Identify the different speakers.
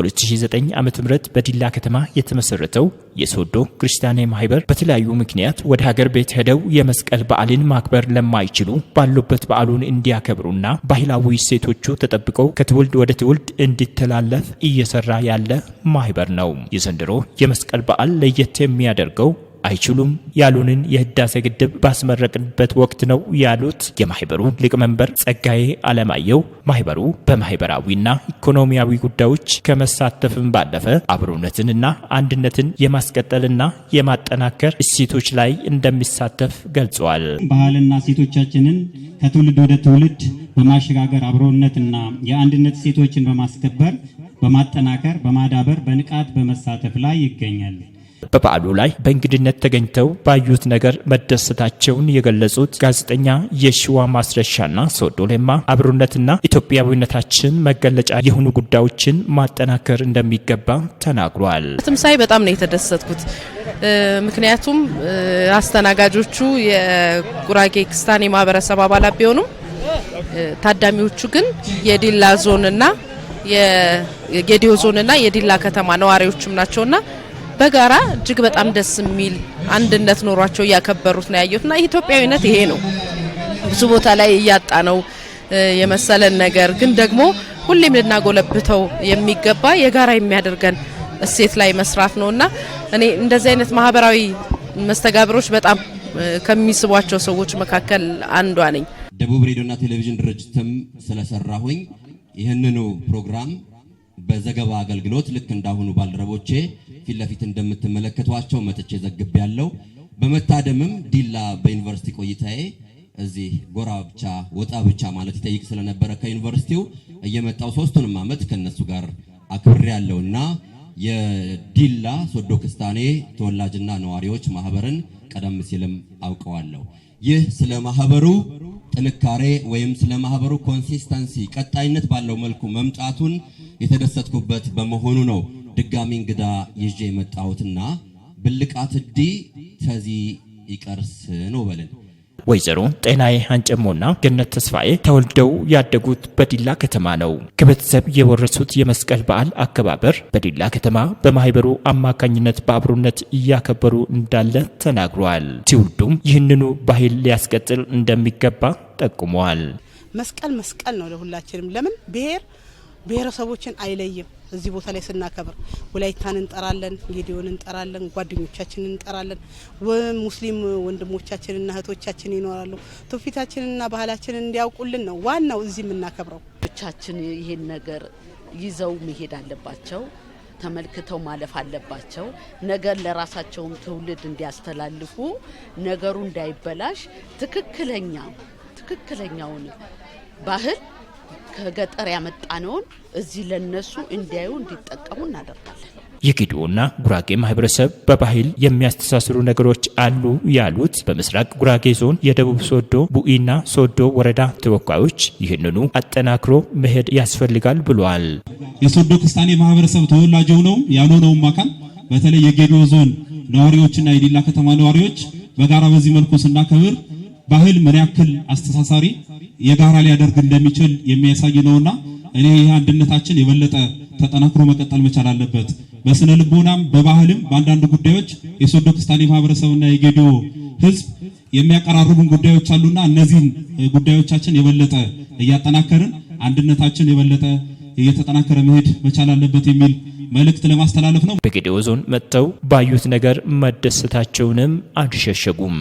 Speaker 1: በ2009 ዓ.ም በዲላ ከተማ የተመሰረተው የሶዶ ክርስቲያናዊ ማህበር በተለያዩ ምክንያት ወደ ሀገር ቤት ሄደው የመስቀል በዓልን ማክበር ለማይችሉ ባሉበት በዓሉን እንዲያከብሩና ባህላዊ እሴቶቹ ተጠብቀው ከትውልድ ወደ ትውልድ እንዲተላለፍ እየሰራ ያለ ማህበር ነው። የዘንድሮ የመስቀል በዓል ለየት የሚያደርገው አይችሉም ያሉንን የህዳሴ ግድብ ባስመረቅንበት ወቅት ነው ያሉት የማህበሩ ሊቀመንበር ጸጋዬ አለማየሁ። ማህበሩ በማህበራዊና ኢኮኖሚያዊ ጉዳዮች ከመሳተፍም ባለፈ አብሮነትንና አንድነትን የማስቀጠልና የማጠናከር እሴቶች ላይ እንደሚሳተፍ
Speaker 2: ገልጸዋል። ባህልና እሴቶቻችንን ከትውልድ ወደ ትውልድ በማሸጋገር አብሮነትና የአንድነት እሴቶችን በማስከበር በማጠናከር፣ በማዳበር በንቃት በመሳተፍ ላይ ይገኛል።
Speaker 1: በበዓሉ ላይ በእንግድነት ተገኝተው ባዩት ነገር መደሰታቸውን የገለጹት ጋዜጠኛ የሽዋ ማስረሻና ሶዶ ለማ አብሮነትና ኢትዮጵያዊነታችን መገለጫ የሆኑ ጉዳዮችን ማጠናከር እንደሚገባ ተናግሯል።
Speaker 3: ትምሳይ በጣም ነው የተደሰትኩት። ምክንያቱም አስተናጋጆቹ የጉራጌ ክስታን የማህበረሰብ አባላት ቢሆኑም ታዳሚዎቹ ግን የዲላ ዞንና የጌዲዮ ዞንና የዲላ ከተማ ነዋሪዎችም ናቸውና በጋራ እጅግ በጣም ደስ የሚል አንድነት ኖሯቸው እያከበሩት ነው ያየሁት እና ኢትዮጵያዊነት ይሄ ነው። ብዙ ቦታ ላይ እያጣ ነው የመሰለን ነገር ግን ደግሞ ሁሌም ልናጎለብተው የሚገባ የጋራ የሚያደርገን እሴት ላይ መስራት ነው እና እኔ እንደዚህ አይነት ማህበራዊ መስተጋብሮች በጣም ከሚስቧቸው ሰዎች መካከል አንዷ ነኝ።
Speaker 4: ደቡብ ሬዲዮና ቴሌቪዥን ድርጅትም ስለሰራሁኝ ይህንኑ ፕሮግራም በዘገባ አገልግሎት ልክ እንዳሁኑ ባልደረቦቼ ፊት ለፊት እንደምትመለከቷቸው መጥቼ ዘግብ ያለው በመታደምም ዲላ በዩኒቨርሲቲ ቆይታዬ እዚህ ጎራ ብቻ ወጣ ብቻ ማለት ይጠይቅ ስለነበረ ከዩኒቨርሲቲው እየመጣው ሶስቱንም ዓመት ከነሱ ጋር አክብሬ ያለውና የዲላ ሶዶ ክስታኔ ተወላጅና ነዋሪዎች ማህበርን ቀደም ሲልም አውቀዋለሁ። ይህ ስለ ማህበሩ ጥንካሬ ወይም ስለ ማህበሩ ኮንሲስተንሲ ቀጣይነት ባለው መልኩ መምጣቱን የተደሰትኩበት በመሆኑ ነው። ድጋሚ እንግዳ ይዤ የመጣሁትና ብልቃት ዲ ተዚህ ይቀርስ ነው በለን።
Speaker 1: ወይዘሮ ጤናዬ አንጨሞና ገነት ተስፋዬ ተወልደው ያደጉት በዲላ ከተማ ነው። ከቤተሰብ የወረሱት የመስቀል በዓል አከባበር በዲላ ከተማ በማህበሩ አማካኝነት በአብሮነት እያከበሩ እንዳለ ተናግሯል። ትውልዱም ይህንኑ ባህል ሊያስቀጥል እንደሚገባ ጠቁመዋል።
Speaker 5: መስቀል መስቀል ነው ለሁላችንም። ለምን ብሔር ብሔረሰቦችን አይለይም። እዚህ ቦታ ላይ ስናከብር ወላይታን እንጠራለን፣ ጌዲዮን እንጠራለን፣ ጓደኞቻችን እንጠራለን። ሙስሊም ወንድሞቻችንና እህቶቻችን ይኖራሉ። ትውፊታችንና ባህላችንን እንዲያውቁልን ነው ዋናው እዚህ የምናከብረው።
Speaker 6: ቻችን ይህን ነገር ይዘው መሄድ አለባቸው። ተመልክተው ማለፍ አለባቸው። ነገር ለራሳቸውም ትውልድ እንዲያስተላልፉ ነገሩ እንዳይበላሽ ትክክለኛ ትክክለኛውን ባህል ከገጠር ያመጣነውን እዚህ ለነሱ እንዲያዩ እንዲጠቀሙ እናደርጋለን።
Speaker 1: የጌዲኦና ጉራጌ ማህበረሰብ በባህል የሚያስተሳስሩ ነገሮች አሉ ያሉት በምስራቅ ጉራጌ ዞን የደቡብ ሶዶ ቡኢና ሶዶ ወረዳ ተወካዮች ይህንኑ አጠናክሮ መሄድ ያስፈልጋል ብለዋል።
Speaker 7: የሶዶ ክስታኔ ማህበረሰብ ተወላጅ የሆነው ያልሆነውም አካል በተለይ የጌዲኦ ዞን ነዋሪዎችና የዲላ ከተማ ነዋሪዎች በጋራ በዚህ መልኩ ስናከብር ባህል ምን ያክል አስተሳሳሪ የጋራ ሊያደርግ እንደሚችል የሚያሳይ ነውና እኔ ይህ አንድነታችን የበለጠ ተጠናክሮ መቀጠል መቻል አለበት። በስነ ልቦናም በባህልም በአንዳንድ ጉዳዮች የሶዶ ክስታኔ ማህበረሰብና የጌዲዮ ህዝብ የሚያቀራርቡን ጉዳዮች አሉና እነዚህን ጉዳዮቻችን የበለጠ እያጠናከርን አንድነታችን የበለጠ እየተጠናከረ መሄድ መቻል አለበት የሚል መልእክት ለማስተላለፍ ነው።
Speaker 1: በጌዲዮ ዞን መጥተው ባዩት ነገር መደሰታቸውንም አልሸሸጉም።